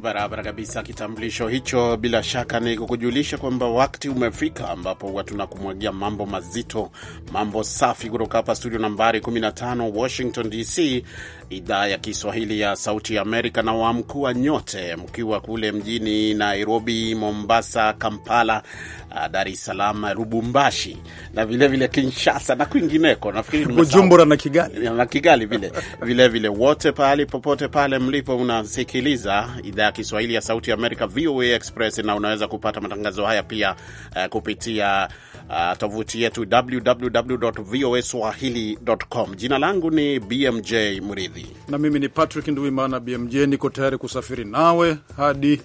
barabara kabisa. Kitambulisho hicho bila shaka ni kukujulisha kwamba wakati umefika ambapo huwa tunakumwagia mambo mazito, mambo safi kutoka hapa studio nambari 15 Washington DC, idhaa ya Kiswahili ya Sauti Amerika, na waamkua nyote mkiwa kule mjini Nairobi, Mombasa, Kampala, ah, Dar es Salaam, Lubumbashi na vilevile vile Kinshasa na kwingineko, nafikiri Bujumbura na Kigali na Kigali vile vilevile, wote pahali popote pale mlipo unasikiliza idhaa ya Kiswahili ya Sauti ya Amerika, VOA Express, na unaweza kupata matangazo haya pia uh, kupitia uh, tovuti yetu www voa swahili.com. Jina langu ni BMJ Mridhi na mimi ni Patrick Nduimana. BMJ, niko tayari kusafiri nawe hadi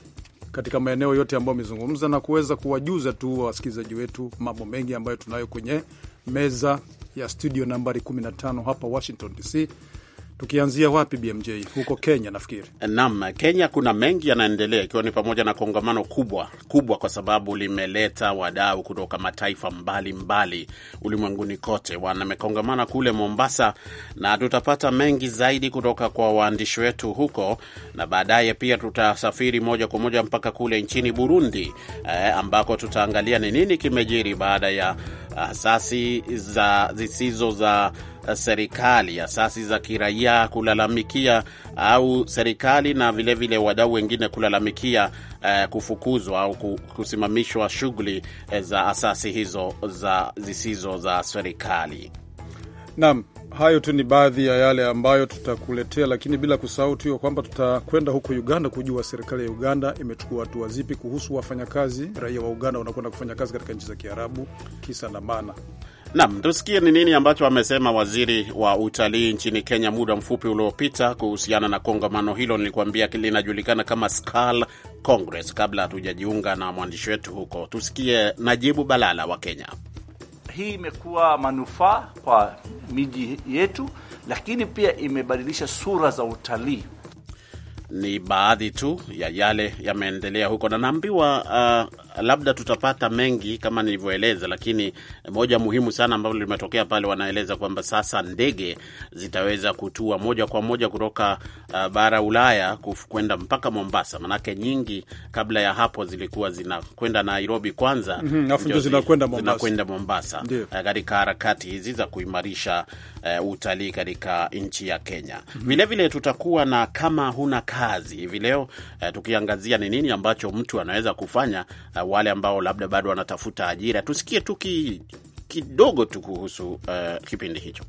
katika maeneo yote ambayo amezungumza na kuweza kuwajuza tu wasikilizaji wetu mambo mengi ambayo tunayo kwenye meza ya studio nambari 15 hapa Washington DC Tukianzia wapi BMJ? Huko Kenya nafikiri. Naam, Kenya kuna mengi yanaendelea, ikiwa ni pamoja na kongamano kubwa kubwa, kwa sababu limeleta wadau kutoka mataifa mbalimbali ulimwenguni kote, wamekongamana kule Mombasa, na tutapata mengi zaidi kutoka kwa waandishi wetu huko, na baadaye pia tutasafiri moja kwa moja mpaka kule nchini Burundi eh, ambako tutaangalia ni nini kimejiri baada ya asasi za zisizo za eh, serikali, asasi za kiraia kulalamikia au serikali na vilevile wadau wengine kulalamikia eh, kufukuzwa au kusimamishwa shughuli eh, za asasi hizo za zisizo za serikali. Naam. Hayo tu ni baadhi ya yale ambayo tutakuletea, lakini bila kusahau tu kwamba tutakwenda huko Uganda kujua serikali ya Uganda imechukua hatua zipi kuhusu wafanyakazi raia wa Uganda wanakwenda kufanya kazi katika nchi za Kiarabu, kisa na maana. nam tusikie ni nini ambacho amesema waziri wa utalii nchini Kenya muda mfupi uliopita kuhusiana na kongamano hilo. Nilikuambia linajulikana kama Skal Congress, kabla hatujajiunga na mwandishi wetu huko. Tusikie Najibu Balala wa Kenya. Hii imekuwa manufaa kwa miji yetu, lakini pia imebadilisha sura za utalii. Ni baadhi tu ya yale yameendelea huko, na naambiwa uh, labda tutapata mengi kama nilivyoeleza, lakini moja muhimu sana ambalo limetokea pale, wanaeleza kwamba sasa ndege zitaweza kutua moja kwa moja kutoka uh, bara Ulaya kwenda mpaka Mombasa, manake nyingi kabla ya hapo zilikuwa zinakwenda Nairobi kwanza, mm -hmm, zinakwenda Mombasa, Mombasa uh, katika uh, harakati hizi za kuimarisha uh, utalii katika nchi ya Kenya vilevile, mhm. mm -hmm. vile tutakuwa na kama huna kazi hivi leo uh, tukiangazia ni nini ambacho mtu anaweza kufanya uh, wale ambao labda bado wanatafuta ajira. Tusikie tu kidogo tu kuhusu uh, kipindi hicho.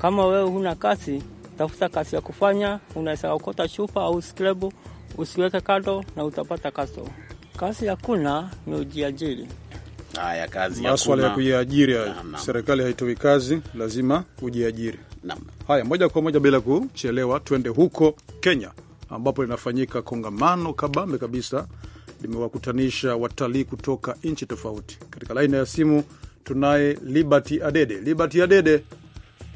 Kama wewe huna kazi, tafuta kazi ya kufanya. Unaweza ukota chupa au skrebu, usiweke kando na utapata kaso. Kazi hakuna, ni ujiajiri. Haya, kazi maswala ya kujiajiri, serikali haitoi kazi, lazima ujiajiri. Haya, moja kwa moja bila kuchelewa, twende huko Kenya ambapo linafanyika kongamano kabambe kabisa limewakutanisha watalii kutoka nchi tofauti. Katika laini ya simu tunaye Liberty Adede. Liberty Adede,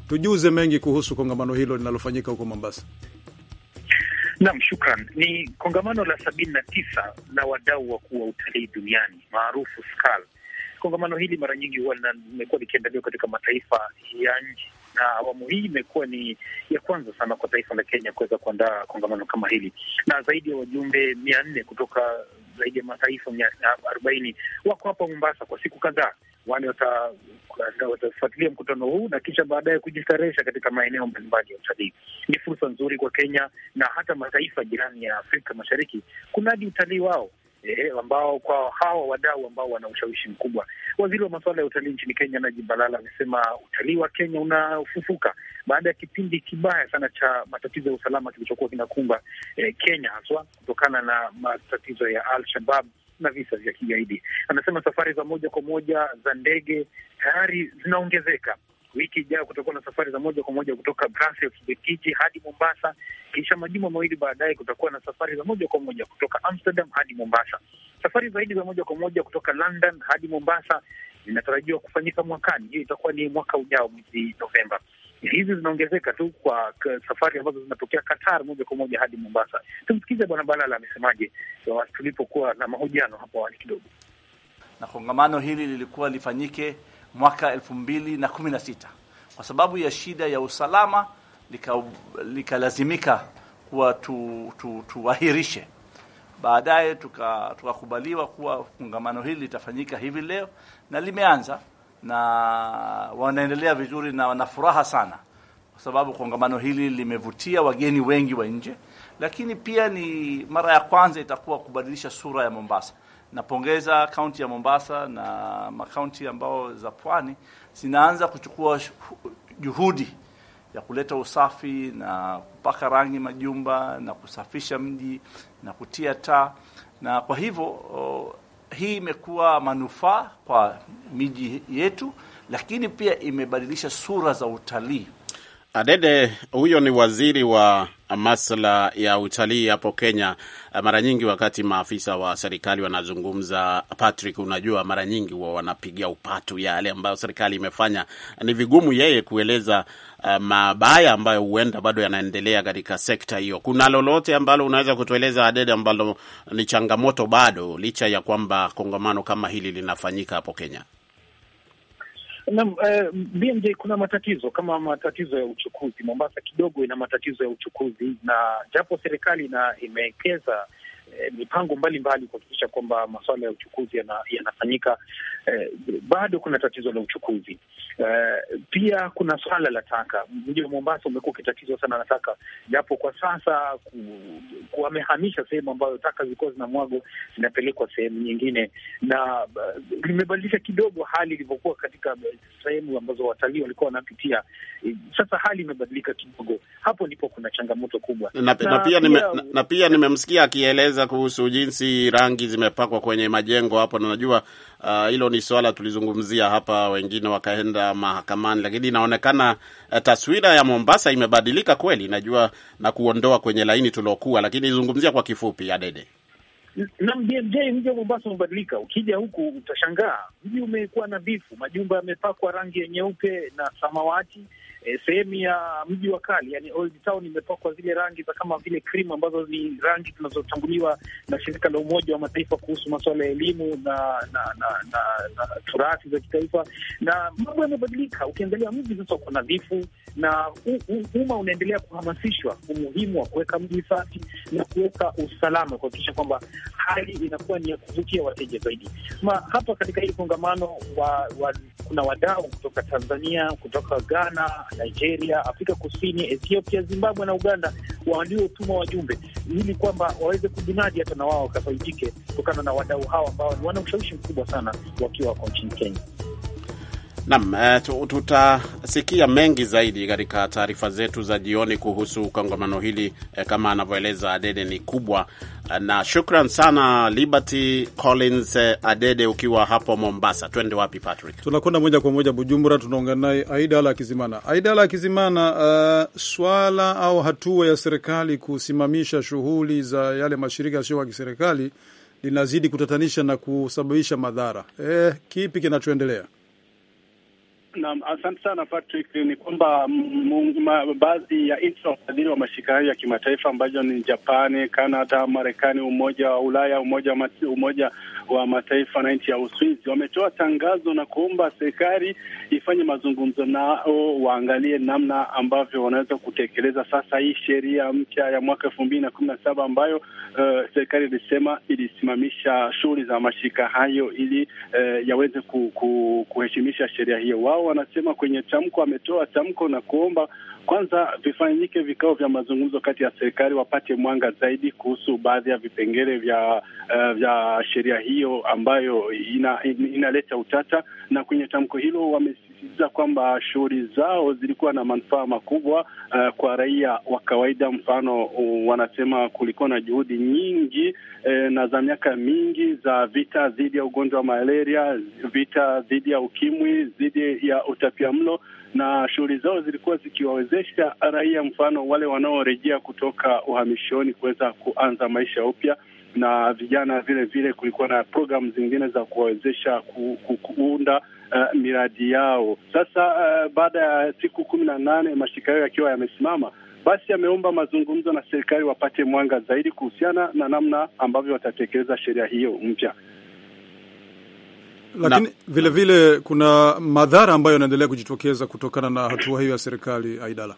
tujuze mengi kuhusu kongamano hilo linalofanyika huko Mombasa. Nam, shukran. Ni kongamano la sabini na tisa la wadau wakuu wa utalii duniani maarufu SCAL. Kongamano hili mara nyingi huwa limekuwa likiandaliwa katika mataifa ya nje, na awamu hii imekuwa ni ya kwanza sana kwa taifa la Kenya kuweza kuandaa kongamano kama hili, na zaidi ya wajumbe mia nne kutoka zaidi ya mataifa mia arobaini wako hapa Mombasa kwa siku kadhaa, wale watafuatilia mkutano huu na kisha baadaye kujistarehesha katika maeneo mbalimbali ya utalii. Ni fursa nzuri kwa Kenya na hata mataifa jirani ya Afrika Mashariki kunadi utalii wao eh, ambao kwa hawa wadau ambao wana ushawishi mkubwa. Waziri wa masuala ya utalii nchini Kenya Najib Balala amesema utalii wa Kenya unafufuka baada ya kipindi kibaya sana cha matatizo ya usalama kilichokuwa kinakumba eh, Kenya haswa kutokana na matatizo ya Al-Shabab na visa vya kigaidi. Anasema safari za moja kwa moja za ndege tayari zinaongezeka Wiki ijayo kutakuwa na safari za moja kwa moja kutoka Brussels, Ubelgiji hadi Mombasa, kisha majuma mawili baadaye kutakuwa na safari za moja kwa moja kutoka Amsterdam hadi Mombasa. Safari zaidi za moja kwa moja kutoka London hadi Mombasa zinatarajiwa kufanyika mwakani. Hiyo itakuwa ni mwaka ujao mwezi Novemba. Hizi zinaongezeka tu kwa safari ambazo zinatokea Qatar moja kwa moja hadi Mombasa. Tumsikize Bwana Balala amesemaje tulipokuwa na mahojiano hapo awali kidogo. Na kongamano hili lilikuwa lifanyike mwaka 2016 kwa sababu ya shida ya usalama likalazimika lika kuwa tu, tu, tuahirishe. Baadaye tukakubaliwa tuka kuwa kongamano hili litafanyika hivi leo na limeanza na wanaendelea vizuri na wana furaha sana, kwa sababu kongamano hili limevutia wageni wengi wa nje, lakini pia ni mara ya kwanza itakuwa kubadilisha sura ya Mombasa. Napongeza kaunti ya Mombasa na makaunti ambao za pwani zinaanza kuchukua juhudi ya kuleta usafi na kupaka rangi majumba na kusafisha mji na kutia taa, na kwa hivyo hii imekuwa manufaa kwa miji yetu, lakini pia imebadilisha sura za utalii. Adede huyo ni waziri wa masuala ya utalii hapo Kenya. Mara nyingi wakati maafisa wa serikali wanazungumza, Patrick, unajua mara nyingi huwa wanapigia upatu yale ambayo serikali imefanya. Ni vigumu yeye kueleza uh, mabaya ambayo huenda bado yanaendelea katika sekta hiyo. Kuna lolote ambalo unaweza kutueleza Adede, ambalo ni changamoto bado, licha ya kwamba kongamano kama hili linafanyika hapo Kenya? Na, eh, BMJ, kuna matatizo kama matatizo ya uchukuzi. Mombasa kidogo ina matatizo ya uchukuzi, na japo serikali na imewekeza eh, mipango mbalimbali kuhakikisha kwamba masuala ya uchukuzi yanafanyika, na, ya eh, bado kuna tatizo la uchukuzi eh, pia kuna swala la taka. Mji wa Mombasa umekuwa ukitatizwa sana na taka, japo kwa sasa wamehamisha sehemu ambayo taka zilikuwa zinamwagwa zinapelekwa sehemu nyingine, na uh, limebadilisha kidogo hali ilivyokuwa katika uh, sehemu ambazo watalii walikuwa wanapitia. Sasa hali imebadilika kidogo, hapo ndipo kuna changamoto kubwa na, na, na pia nime, na, na pia nimemsikia akieleza kuhusu jinsi rangi zimepakwa kwenye majengo hapo, na najua uh, hilo uh, ni swala tulizungumzia hapa, wengine wakaenda mahakamani lakini inaonekana eh, taswira ya Mombasa imebadilika kweli, najua na kuondoa kwenye laini tuliokuwa, lakini izungumzia kwa kifupi Adede na BMJ, mji wa Mombasa umebadilika. Ukija huku utashangaa, mji umekuwa nadhifu, majumba yamepakwa rangi ya nyeupe na samawati e, sehemu ya mji wa kale, yani Old Town imepakwa zile rangi za kama vile krimu ambazo ni rangi zinazotambuliwa na shirika la Umoja wa Mataifa kuhusu masuala ya elimu na na na, na, na turathi za kitaifa, na mambo yamebadilika. Ukiangalia mji sasa uko nadhifu na umma unaendelea kuhamasishwa umuhimu wa kuweka mji safi na kuweka usalama, kuhakikisha kwamba hali inakuwa ni ya kuvutia wateja zaidi. Ma, hapa katika hili kongamano wa, wa, kuna wadau kutoka Tanzania, kutoka Ghana Nigeria, Afrika Kusini, Ethiopia, Zimbabwe na Uganda waliotuma wajumbe ili kwamba waweze kujinadi hata na wao wakafaidike kutokana na wadau hawa ambao wana ushawishi mkubwa sana wakiwa wako nchini Kenya. Nam uh, eh, tutasikia mengi zaidi katika taarifa zetu za jioni kuhusu kongamano hili uh, kama anavyoeleza Adede ni kubwa na shukran sana Liberty Collins eh, Adede, ukiwa hapo Mombasa. Twende wapi Patrick? Tunakwenda moja kwa moja Bujumbura, tunaongea naye Aidala Kizimana. Aidala Kizimana, uh, swala au hatua ya serikali kusimamisha shughuli za yale mashirika yasiyo ya kiserikali linazidi kutatanisha na kusababisha madhara. Eh, kipi kinachoendelea? Naam, asante sana Patrick. Ni kwamba baadhi ya nchi wafadhili wa mashirika hayo ya kimataifa ambayo ni Japani, Kanada, Marekani, Umoja wa Ulaya, Umoja, Umoja wa Mataifa na nchi ya Uswizi wametoa tangazo na kuomba serikali ifanye mazungumzo nao, waangalie namna ambavyo wanaweza kutekeleza sasa hii sheria mpya ya mwaka elfu mbili na kumi na saba ambayo uh, serikali ilisema ilisimamisha shughuli za mashirika hayo ili uh, yaweze ku, ku, kuheshimisha sheria hiyo wao wao wanasema kwenye tamko, ametoa tamko na kuomba kwanza vifanyike vikao vya mazungumzo kati ya serikali, wapate mwanga zaidi kuhusu baadhi ya vipengele vya uh, vya sheria hiyo ambayo inaleta ina utata. Na kwenye tamko hilo wamesi akisisitiza kwamba shughuli zao zilikuwa na manufaa makubwa uh, kwa raia wa kawaida. Mfano uh, wanasema kulikuwa na juhudi nyingi uh, na za miaka mingi za vita dhidi ya ugonjwa wa malaria, vita dhidi ya ukimwi, dhidi ya utapia mlo na shughuli zao zilikuwa zikiwawezesha raia, mfano wale wanaorejea kutoka uhamishoni, kuweza kuanza maisha upya na vijana vile vile, kulikuwa na programu zingine za kuwawezesha ku, ku, kuunda uh, miradi yao. Sasa uh, baada ya siku kumi na nane mashirika hayo yakiwa yamesimama basi ameomba mazungumzo na serikali wapate mwanga zaidi kuhusiana na namna ambavyo watatekeleza sheria hiyo mpya. Lakini vilevile vile kuna madhara ambayo yanaendelea kujitokeza kutokana na hatua hiyo ya serikali, Aidala.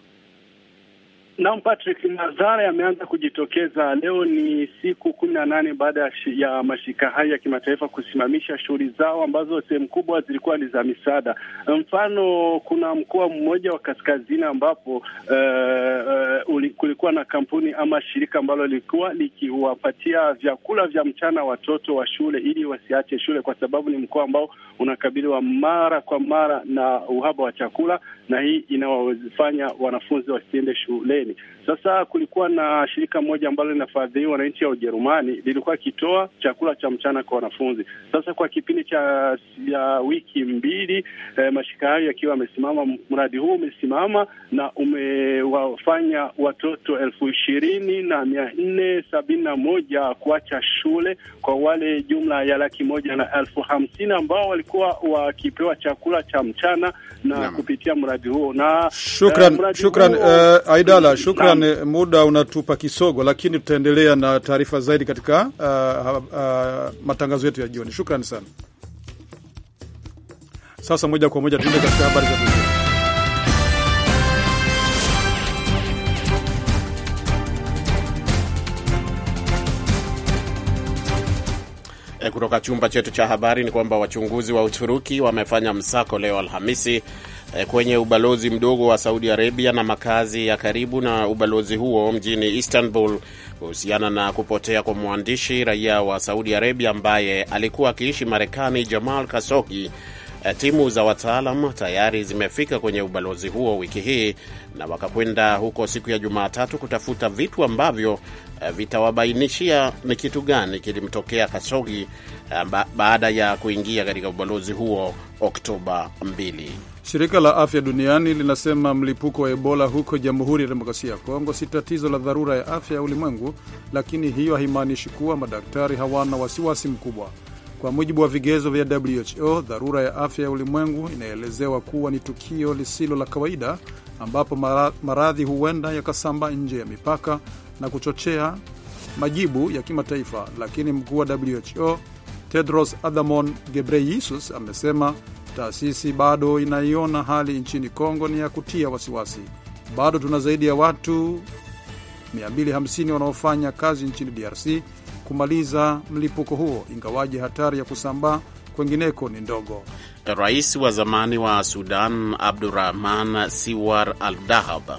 Naam, Patrick, madhara yameanza kujitokeza. Leo ni siku kumi na nane baada ya mashirika haya ya kimataifa kusimamisha shughuli zao ambazo sehemu kubwa zilikuwa ni za misaada. Mfano, kuna mkoa mmoja wa kaskazini ambapo uh, uh, kulikuwa na kampuni ama shirika ambalo lilikuwa likiwapatia vyakula vya mchana watoto wa shule ili wasiache shule, kwa sababu ni mkoa ambao unakabiliwa mara kwa mara na uhaba wa chakula, na hii inawafanya wanafunzi wasiende shule mbeleni Sasa kulikuwa na shirika moja ambalo linafadhiliwa na nchi ya Ujerumani, lilikuwa kitoa chakula cha mchana kwa wanafunzi. Sasa kwa kipindi cha ya wiki mbili eh, mashirika hayo yakiwa yamesimama, mradi huu umesimama na umewafanya watoto elfu ishirini na mia nne sabini na moja kuacha shule kwa wale jumla ya laki moja na elfu hamsini ambao walikuwa wakipewa chakula cha mchana na Nama. kupitia mradi huo na shukran, eh, mradi shukran, huo, uh, Aidala shukran Shukran, muda unatupa kisogo, lakini tutaendelea na taarifa zaidi katika uh, uh, uh matangazo yetu ya jioni. Shukran sana. Sasa moja kwa moja tuende katika habari za dunia. Eh, kutoka chumba chetu cha habari ni kwamba wachunguzi wa Uturuki wamefanya msako leo Alhamisi Eh, kwenye ubalozi mdogo wa Saudi Arabia na makazi ya karibu na ubalozi huo mjini Istanbul kuhusiana na kupotea kwa mwandishi raia wa Saudi Arabia ambaye alikuwa akiishi Marekani, Jamal Khashoggi. Eh, timu za wataalam tayari zimefika kwenye ubalozi huo wiki hii na wakakwenda huko siku ya Jumatatu kutafuta vitu ambavyo eh, vitawabainishia ni kitu gani kilimtokea Khashoggi baada ya kuingia katika ubalozi huo Oktoba 2. Shirika la Afya Duniani linasema mlipuko wa Ebola huko Jamhuri ya Demokrasia ya Kongo si tatizo la dharura ya afya ya ulimwengu, lakini hiyo haimaanishi kuwa madaktari hawana wasiwasi mkubwa. Kwa mujibu wa vigezo vya WHO, dharura ya afya ya ulimwengu inaelezewa kuwa ni tukio lisilo la kawaida ambapo maradhi huenda yakasamba nje ya mipaka na kuchochea majibu ya kimataifa, lakini mkuu wa WHO Tedros Adhanom Ghebreyesus amesema Taasisi bado inaiona hali nchini Kongo ni ya kutia wasiwasi. Bado tuna zaidi ya watu 250 wanaofanya kazi nchini DRC kumaliza mlipuko huo, ingawaji hatari ya kusambaa kwengineko ni ndogo. Rais wa zamani wa Sudan Abdurahman Siwar al-Dahab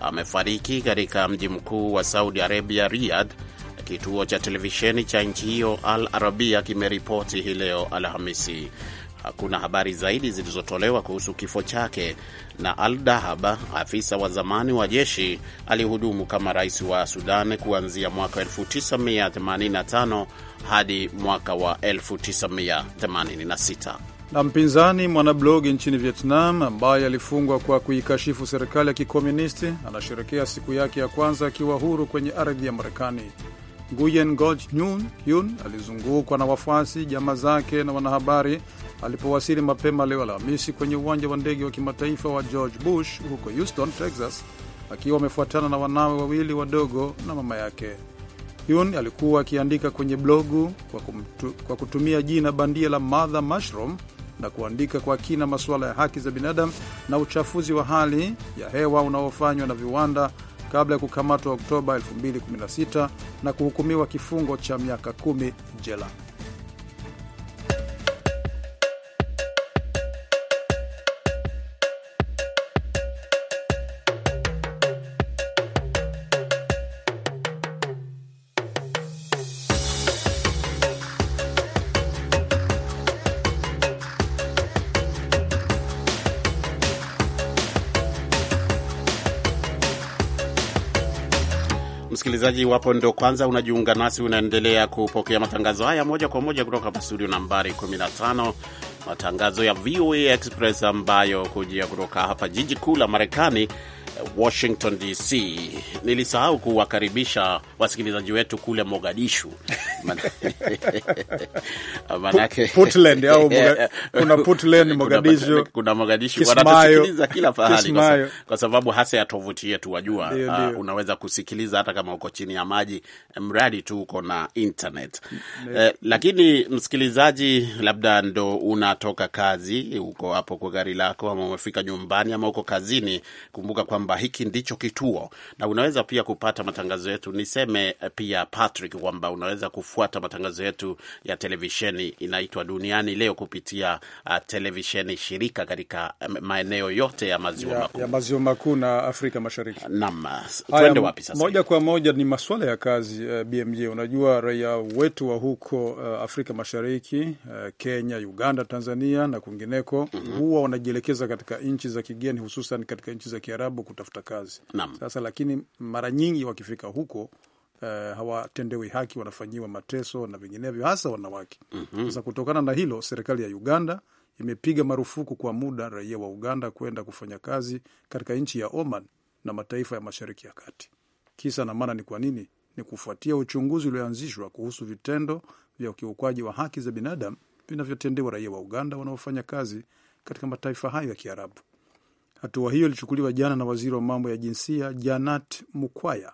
amefariki katika mji mkuu wa Saudi Arabia, Riyadh. Kituo cha televisheni cha nchi hiyo Al Arabia kimeripoti hii leo Alhamisi. Hakuna habari zaidi zilizotolewa kuhusu kifo chake, na Al Dahaba, afisa wa zamani wa jeshi alihudumu kama rais wa Sudan kuanzia mwaka 1985 hadi mwaka wa 1986. Na mpinzani mwanablogi nchini Vietnam ambaye alifungwa kwa kuikashifu serikali ya kikomunisti anasherekea siku yake ya kwanza akiwa huru kwenye ardhi ya Marekani. Nguyen Goj Yun alizungukwa na wafuasi, jamaa zake na wanahabari alipowasili mapema leo Alhamisi kwenye uwanja wa ndege wa kimataifa wa George Bush huko Houston, Texas, akiwa amefuatana na wanawe wawili wadogo na mama yake. Yun alikuwa akiandika kwenye blogu kwa, kumtu, kwa kutumia jina bandia la Mother Mushroom na kuandika kwa kina masuala ya haki za binadamu na uchafuzi wa hali ya hewa unaofanywa na viwanda kabla ya kukamatwa Oktoba 2016 na kuhukumiwa kifungo cha miaka kumi jela. msikilizaji, iwapo ndo kwanza unajiunga nasi, unaendelea kupokea matangazo haya moja kwa moja kutoka hapa studio nambari 15, matangazo ya VOA Express ambayo kujia kutoka hapa jiji kuu la Marekani Washington DC. Nilisahau kuwakaribisha wasikilizaji wetu kule Mogadishu manake Puntland au kuna Puntland, Mogadishu, kuna Mogadishu, wanatusikiliza kila pahali kwa, kwa sababu hasa ya tovuti yetu wajua. Dio, ah, dio. Uh, unaweza kusikiliza hata kama uko chini ya maji mradi tu uko na internet uh, lakini msikilizaji, labda ndo unatoka kazi, uko hapo kwa gari lako ama umefika nyumbani ama uko kazini, kumbuka kwamba kwamba hiki ndicho kituo, na unaweza pia kupata matangazo yetu. Niseme eh, pia Patrick kwamba unaweza kufuata matangazo yetu ya televisheni inaitwa Duniani Leo kupitia uh, televisheni shirika katika eh, maeneo yote ya maziwa makuu ya maziwa makuu na Afrika Mashariki. Naam, ah, twende wapi sasa? Moja kwa moja ni masuala ya kazi. Uh, eh, BMJ, unajua raia wetu wa huko uh, Afrika Mashariki uh, Kenya, Uganda, Tanzania na kwingineko mm -hmm. huwa wanajielekeza katika nchi za kigeni, hususan katika nchi za Kiarabu kutafuta kazi Naam. Sasa lakini mara nyingi wakifika huko Uh, hawatendewi haki, wanafanyiwa mateso na vinginevyo, hasa wanawake mm -hmm. Sasa kutokana na hilo, serikali ya Uganda imepiga marufuku kwa muda raia wa Uganda kwenda kufanya kazi katika nchi ya Oman na mataifa ya Mashariki ya Kati. Kisa na maana ni kwa nini? Ni kufuatia uchunguzi ulioanzishwa kuhusu vitendo vya ukiukwaji wa haki za binadamu vinavyotendewa raia wa Uganda wanaofanya kazi katika mataifa hayo ya Kiarabu. Hatua hiyo ilichukuliwa jana na waziri wa mambo ya jinsia Janat Mukwaya.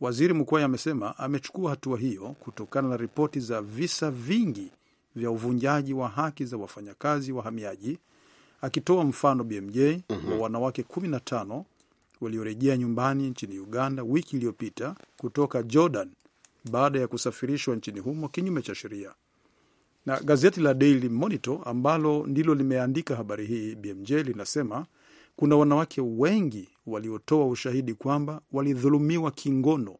Waziri Mukwaya amesema amechukua hatua hiyo kutokana na ripoti za visa vingi vya uvunjaji wa haki za wafanyakazi wahamiaji, akitoa mfano BMJ mm -hmm. wa mhm. wanawake 15 waliorejea nyumbani nchini Uganda wiki iliyopita kutoka Jordan baada ya kusafirishwa nchini humo kinyume cha sheria. Na gazeti la Daily Monitor ambalo ndilo limeandika habari hii BMJ linasema kuna wanawake wengi waliotoa ushahidi kwamba walidhulumiwa kingono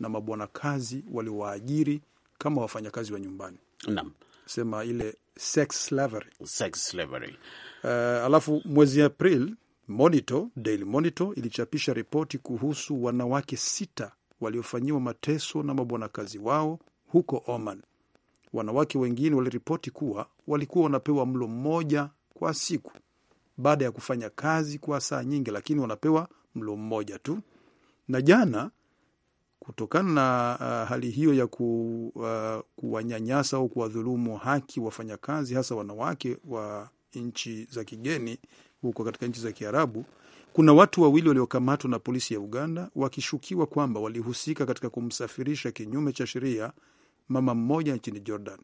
na mabwanakazi waliowaajiri kama wafanyakazi wa nyumbani. Nam. sema ile sex slavery, sex slavery. Uh, alafu mwezi April Monitor, Daily Monitor ilichapisha ripoti kuhusu wanawake sita waliofanyiwa mateso na mabwanakazi wao huko Oman. Wanawake wengine waliripoti kuwa walikuwa wanapewa mlo mmoja kwa siku baada ya kufanya kazi kwa saa nyingi, lakini wanapewa mlo mmoja tu. Na jana kutokana na uh, hali hiyo ya ku, uh, kuwanyanyasa au kuwadhulumu haki wafanyakazi hasa wanawake wa nchi za kigeni huko katika nchi za Kiarabu, kuna watu wawili waliokamatwa na polisi ya Uganda wakishukiwa kwamba walihusika katika kumsafirisha kinyume cha sheria mama mmoja nchini Jordan.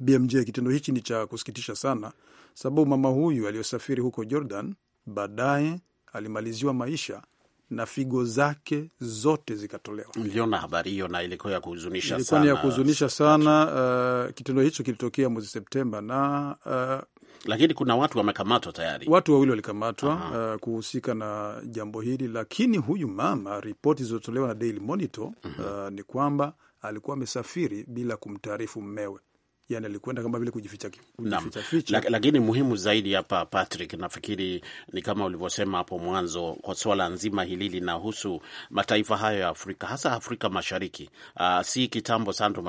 BMJ, kitendo hichi ni cha kusikitisha sana, sababu mama huyu aliyosafiri huko Jordan baadaye alimaliziwa maisha na figo zake zote zikatolewa. Niliona habari hiyo na ilikuwa ya kuhuzunisha sana, ya kuhuzunisha sana. Uh, kitendo hicho kilitokea mwezi Septemba na uh, lakini kuna watu wamekamatwa tayari, watu wawili walikamatwa uh, kuhusika na jambo hili. Lakini huyu mama, ripoti zilizotolewa na Daily Monitor mhm. uh, ni kwamba alikuwa amesafiri bila kumtaarifu mmewe yani alikwenda kama vile kujificha kujificha ficha. Lakini muhimu zaidi hapa, Patrick, nafikiri ni kama ulivyosema hapo mwanzo, kwa swala nzima hili linahusu mataifa hayo ya Afrika, hasa Afrika Mashariki. Uh, si kitambo sana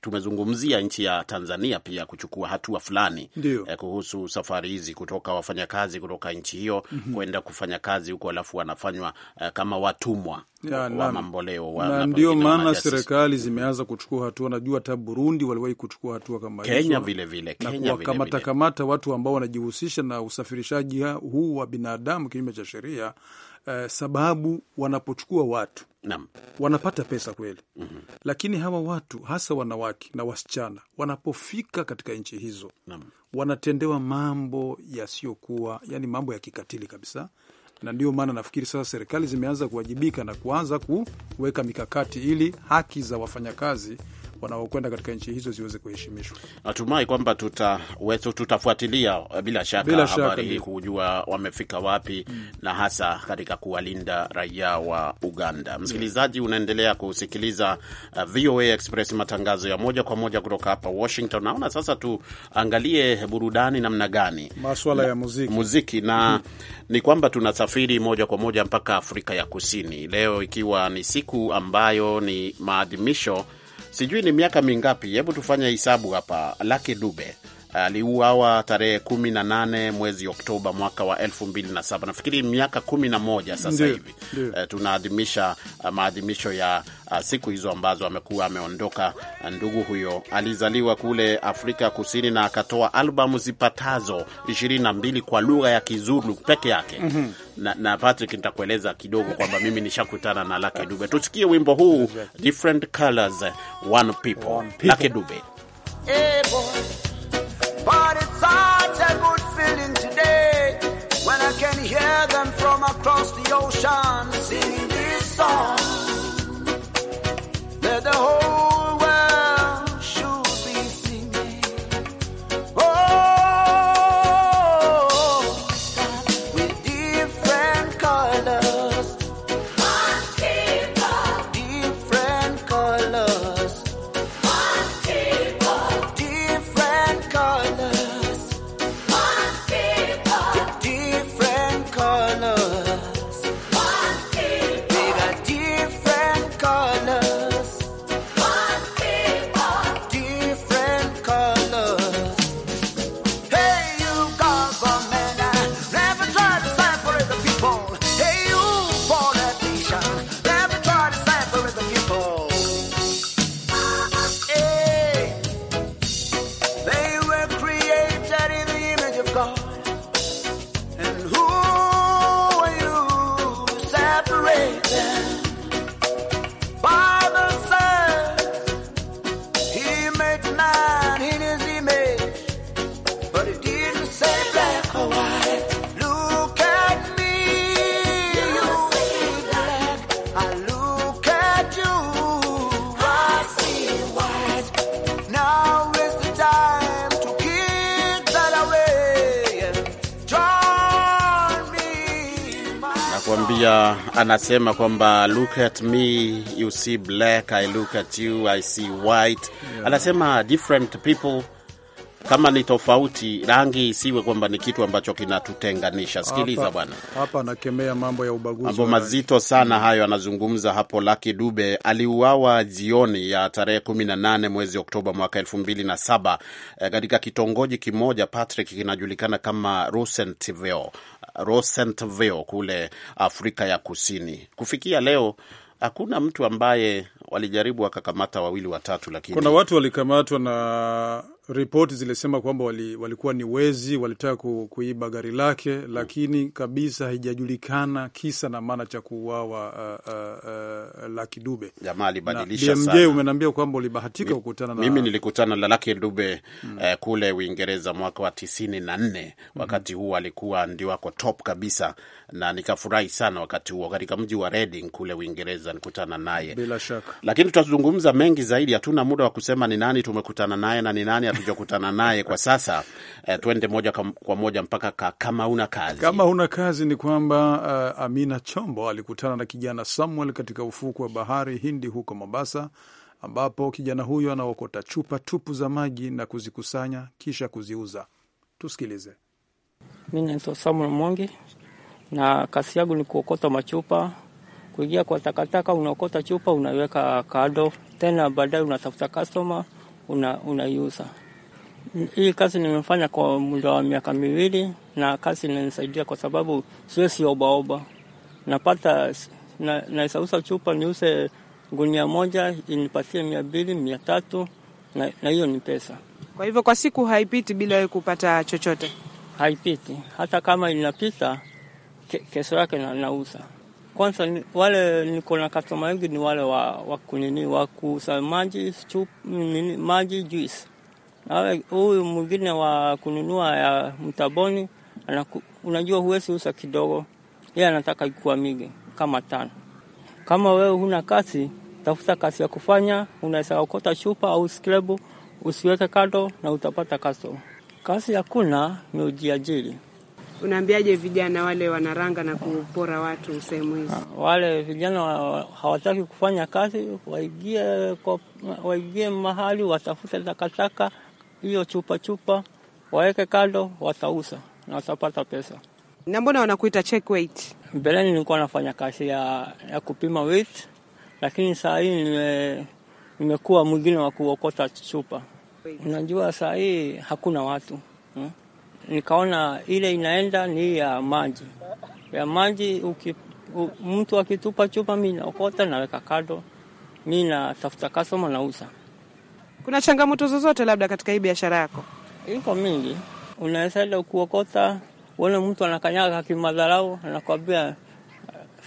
tumezungumzia nchi ya Tanzania pia kuchukua hatua fulani eh, kuhusu safari hizi kutoka wafanyakazi kutoka nchi hiyo mm -hmm. kwenda kufanya kazi huko, alafu wanafanywa eh, kama watumwa wa mamboleo wa, ndio maana serikali zimeanza kuchukua hatua. Najua hata Burundi waliwahi kuchukua hatua kama hizo, Kenya vile vile, Kenya kamata watu ambao wanajihusisha na usafirishaji huu wa binadamu kinyume cha sheria eh, sababu wanapochukua watu Naam. wanapata pesa kweli mm -hmm. Lakini hawa watu hasa wanawake na wasichana wanapofika katika nchi hizo Naam. wanatendewa mambo yasiyokuwa, yani mambo ya kikatili kabisa na ndio maana nafikiri sasa serikali zimeanza kuwajibika na kuanza kuweka mikakati ili haki za wafanyakazi wanaokwenda katika nchi hizo ziweze kuheshimishwa. Natumai kwamba tutaweza tutafuatilia eh, bila shaka bila habari hii kujua wamefika wapi mm, na hasa katika kuwalinda raia wa Uganda. Msikilizaji, unaendelea kusikiliza eh, VOA Express, matangazo ya moja kwa moja kutoka hapa Washington. Naona sasa tuangalie burudani namna gani, maswala ya muziki, muziki na mm -hmm. ni kwamba tunasafiri moja kwa moja mpaka Afrika ya Kusini leo, ikiwa ni siku ambayo ni maadhimisho sijui ni miaka mingapi, hebu tufanye hisabu hapa. Lucky Dube aliuawa tarehe kumi na nane mwezi Oktoba mwaka wa elfu mbili na saba nafikiri miaka kumi na moja sasa hivi. E, tunaadhimisha eh, maadhimisho ya a, eh, siku hizo ambazo amekuwa ameondoka. Ndugu huyo alizaliwa kule Afrika Kusini na akatoa albamu zipatazo ishirini na mbili kwa lugha ya Kizulu peke yake. mm -hmm. na, na Patrick nitakueleza kidogo kwamba mimi nishakutana na Lucky Dube. Tusikie wimbo huu different colors one people, one people. Lucky Dube. Hey boy. But it's such a good feeling today when I can hear them from across the ocean singing this song. anakuambia anasema kwamba look at me you see black I look at you I see white yeah. Anasema different people kama ni tofauti, rangi isiwe kwamba ni kitu ambacho kinatutenganisha. Sikiliza bwana, hapa anakemea mambo ya ubaguzi, mambo mazito sana mm. hayo anazungumza hapo. Lucky Dube aliuawa jioni ya tarehe 18 mwezi Oktoba mwaka 2007 eh, katika kitongoji kimoja Patrick kinajulikana kama Rosentville, Rosentville kule Afrika ya Kusini. Kufikia leo hakuna mtu ambaye walijaribu wakakamata wawili watatu, lakini kuna watu walikamatwa na ripoti zilisema kwamba wali, walikuwa ni wezi, walitaka ku, kuiba gari lake, lakini kabisa haijajulikana kisa na maana cha kuuawa uh, uh, uh, Lucky Dube. Jamaa alibadilisha sana. Umeniambia kwamba ulibahatika kukutana na mimi, nilikutana na Lucky Dube mm. eh, hmm. kule Uingereza mwaka wa tisini na nne hmm. wakati mm. -hmm. huo alikuwa ndio ako top kabisa, na nikafurahi sana wakati huo katika mji wa Reading kule Uingereza nikutana naye, bila shaka, lakini tutazungumza mengi zaidi, hatuna muda wa kusema ni nani tumekutana naye na ni nani tulichokutana naye kwa sasa. Uh, twende moja kwa moja mpaka ka, kama una kazi. Kama una kazi ni kwamba uh, Amina Chombo alikutana na kijana Samuel katika ufuku wa bahari Hindi huko Mombasa, ambapo kijana huyo anaokota chupa tupu za maji na kuzikusanya kisha kuziuza. Tusikilize. Mi naitwa Samuel Mwangi na kazi yangu ni kuokota machupa kuingia kwa takataka, unaokota chupa unaweka kado, tena baadaye unatafuta customer, unaiuza una hii kazi nimefanya kwa muda wa miaka miwili, na kazi inanisaidia kwa sababu siwezi obaoba, napata na, naisausa chupa niuse gunia moja inipatie mia mbili mia tatu na, na hiyo ni pesa. Kwa hivyo kwa siku haipiti bila wewe kupata chochote, haipiti. Hata kama inapita ke, kesho yake na, nausa kwanza ni, wale niko na kastoma wengi ni wale wa, wa kunini wa kuuza maji maji juice Huyu mwingine wa kununua ya mtaboni anaku, unajua huwezi usa kidogo, yeye anataka mingi kama tano. Kama wewe huna kazi, tafuta kazi ya kufanya, unaweza okota chupa au skrebu, usiweke kando na utapata kaso. Kazi hakuna, ni ujiajiri. Unaambiaje vijana wale wanaranga na kupora watu sehemu hizi? Ah, wale vijana hawataki kufanya kazi, waingie waingie mahali watafute takataka hiyo chupa chupa waweke kando, watauza na watapata pesa. Na mbona wanakuita check weight? Mbeleni nilikuwa nafanya kazi ya, ya kupima weight, lakini saa hii nime, nimekuwa mwingine wa kuokota chupa. Unajua saa hii hakuna watu hmm? Nikaona ile inaenda ni ya maji ya maji, mtu akitupa chupa, mi naokota naweka kando, mi natafuta kasoma nauza. Kuna changamoto zozote labda katika hii biashara yako? Iko mingi, unaweza kuokota uone mtu anakanyaga kimadharau, anakwambia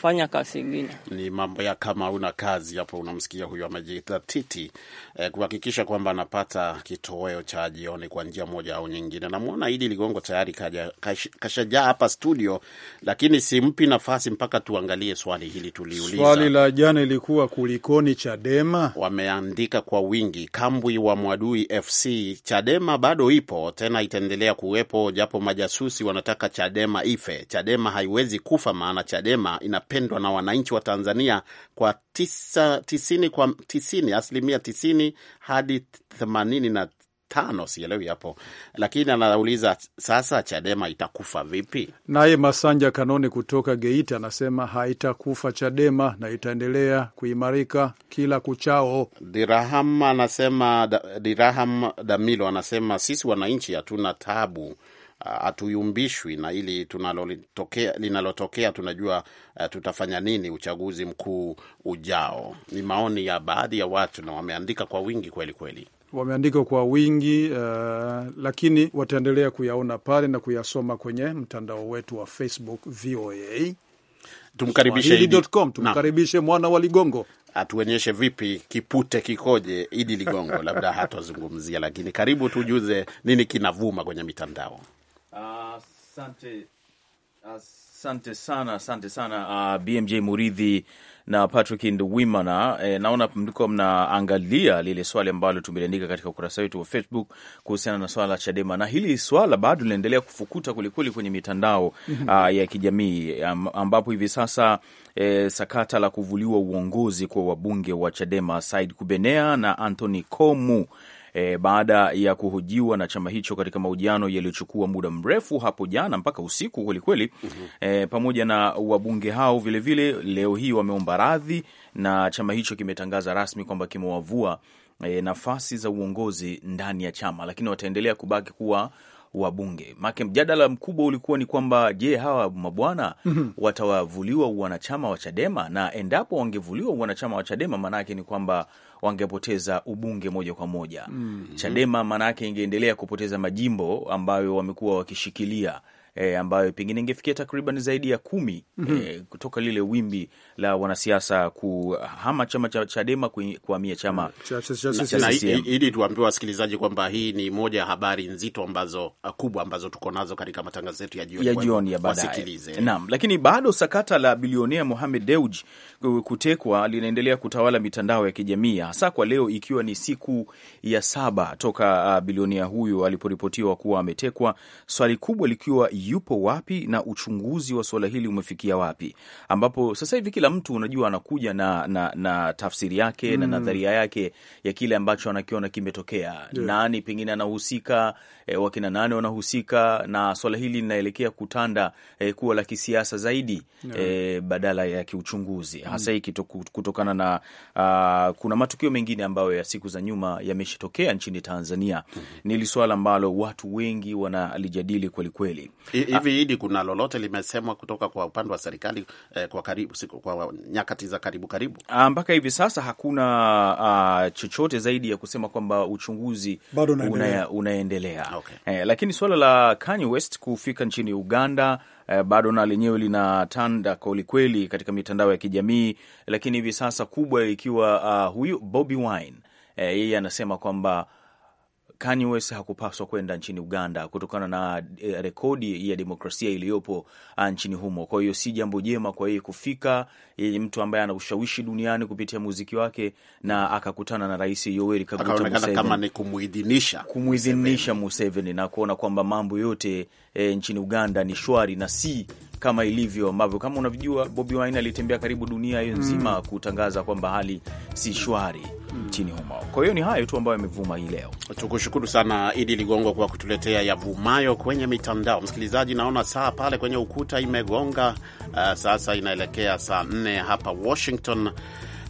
kufanya kazi ingine. Ni mambo ya kama una kazi hapo, unamsikia huyo amejithatiti eh, kuhakikisha kwamba anapata kitoweo cha jioni kwa njia moja au nyingine. Namwona Idi Ligongo tayari kaja kashajaa hapa studio, lakini simpi nafasi mpaka tuangalie swali hili tuliuliza. Swali la jana ilikuwa kulikoni Chadema, wameandika kwa wingi, kambwi wa Mwadui FC, Chadema bado ipo tena, itaendelea kuwepo japo majasusi wanataka Chadema ife. Chadema haiwezi kufa, maana Chadema ina inapendwa na wananchi wa Tanzania kwa tisa, tisini kwa tisini, asilimia tisini hadi themanini na tano sielewi hapo, lakini anauliza sasa, Chadema itakufa vipi? Naye Masanja kanoni kutoka Geita anasema haitakufa Chadema na itaendelea kuimarika kila kuchao. Diraham anasema, Diraham Damilo anasema sisi wananchi hatuna tabu hatuyumbishwi na hili linalotokea tunajua uh, tutafanya nini uchaguzi mkuu ujao. Ni maoni ya baadhi ya watu na wameandika kwa wingi kweli kweli, wameandika kwa wingi uh, lakini wataendelea kuyaona pale na kuyasoma kwenye mtandao wetu wa Facebook VOA Swahili.com. Tumkaribishe mwana wa Ligongo atuonyeshe vipi kipute kikoje. Idi Ligongo labda hatazungumzia, lakini karibu tujuze nini kinavuma kwenye mitandao. Asante uh, asante uh, sana asante sana uh, ah, BMJ Muridhi na Patrick ndwimana E, naona mlikuwa mnaangalia lile swali ambalo tumeliandika katika ukurasa wetu wa Facebook kuhusiana na swala la Chadema, na hili swala bado linaendelea kufukuta kwelikweli kwenye mitandao uh, ya kijamii ambapo hivi sasa e, sakata la kuvuliwa uongozi kwa wabunge wa Chadema Said Kubenea na Anthony Komu e, baada ya kuhojiwa na chama hicho katika mahojiano yaliyochukua muda mrefu hapo jana mpaka usiku kwelikweli, mm -hmm. E, pamoja na wabunge hao vilevile vile, leo hii wameomba radhi na chama hicho kimetangaza rasmi kwamba kimewavua e, nafasi za uongozi ndani ya chama, lakini wataendelea kubaki kuwa wabunge make. Mjadala mkubwa ulikuwa ni kwamba je, hawa mabwana mm -hmm. watawavuliwa uwanachama wa Chadema, na endapo wangevuliwa uwanachama wa Chadema maanake ni kwamba wangepoteza ubunge moja kwa moja. mm -hmm. Chadema maana yake ingeendelea kupoteza majimbo ambayo wamekuwa wakishikilia e, ambayo pengine ingefikia takriban zaidi ya kumi mm -hmm. E, kutoka lile wimbi la wanasiasa kuhama chama cha Chadema kuhamia chama mm. ili tuambiwe wasikilizaji kwamba hii ni moja ya habari nzito ambazo uh, kubwa ambazo tuko nazo katika matangazo yetu ya jioni ya baadaye. Naam, lakini bado sakata la bilionea Mohamed Deuji kutekwa linaendelea kutawala mitandao ya kijamii hasa kwa leo, ikiwa ni siku ya saba toka uh, bilionea huyo aliporipotiwa kuwa ametekwa, swali kubwa likiwa yupo wapi na uchunguzi wa suala hili umefikia wapi, ambapo sasa hivi kila mtu unajua anakuja na, na, na tafsiri yake mm. na nadharia yake ya kile ambacho anakiona kimetokea yeah. Nani pengine anahusika e, wakina nani wanahusika na swala hili linaelekea kutanda e, kuwa la kisiasa zaidi yeah. e, badala ya kiuchunguzi mm. hasa hiki kutokana na a, ah, kuna matukio mengine ambayo ya siku za nyuma yameshatokea nchini Tanzania mm -hmm. Ni swala ambalo watu wengi wanalijadili kwelikweli hivi hidi kuna lolote limesemwa kutoka kwa upande wa serikali eh, kwa karibu siku, kwa nyakati za karibu karibu ah, mpaka hivi sasa hakuna uh, chochote zaidi ya kusema kwamba uchunguzi unaendelea, unaendelea. Okay. Eh, lakini suala la Kanye West kufika nchini Uganda eh, bado na lenyewe linatanda kwelikweli katika mitandao ya kijamii, lakini hivi sasa kubwa ikiwa uh, huyu Bobby Wine eh, yeye eh, anasema kwamba Kanye West hakupaswa kwenda nchini Uganda kutokana na eh, rekodi ya demokrasia iliyopo ah, nchini humo. Kwa hiyo si jambo jema kwa yeye kufika, yeye eh, mtu ambaye ana ushawishi duniani kupitia muziki wake, na akakutana na Rais Yoweri Kaguta Museveni, kama ni kumuidhinisha kumuidhinisha Museveni na kuona kwamba mambo yote e, nchini Uganda ni shwari na si kama ilivyo ambavyo kama unavyojua Bobi Wine alitembea karibu dunia hiyo nzima mm, kutangaza kwamba hali si shwari nchini humo. Kwa hiyo ni hayo tu ambayo yamevuma hii leo. Tukushukuru sana Idi Ligongo kwa kutuletea yavumayo kwenye mitandao. Msikilizaji, naona saa pale kwenye ukuta imegonga. Uh, sasa inaelekea saa nne hapa Washington.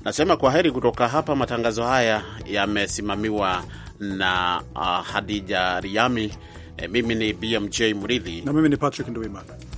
Nasema kwa heri kutoka hapa. Matangazo haya yamesimamiwa na uh, Hadija Riami. E, mimi ni BMJ Muridhi na mimi ni Patrick Nduimana.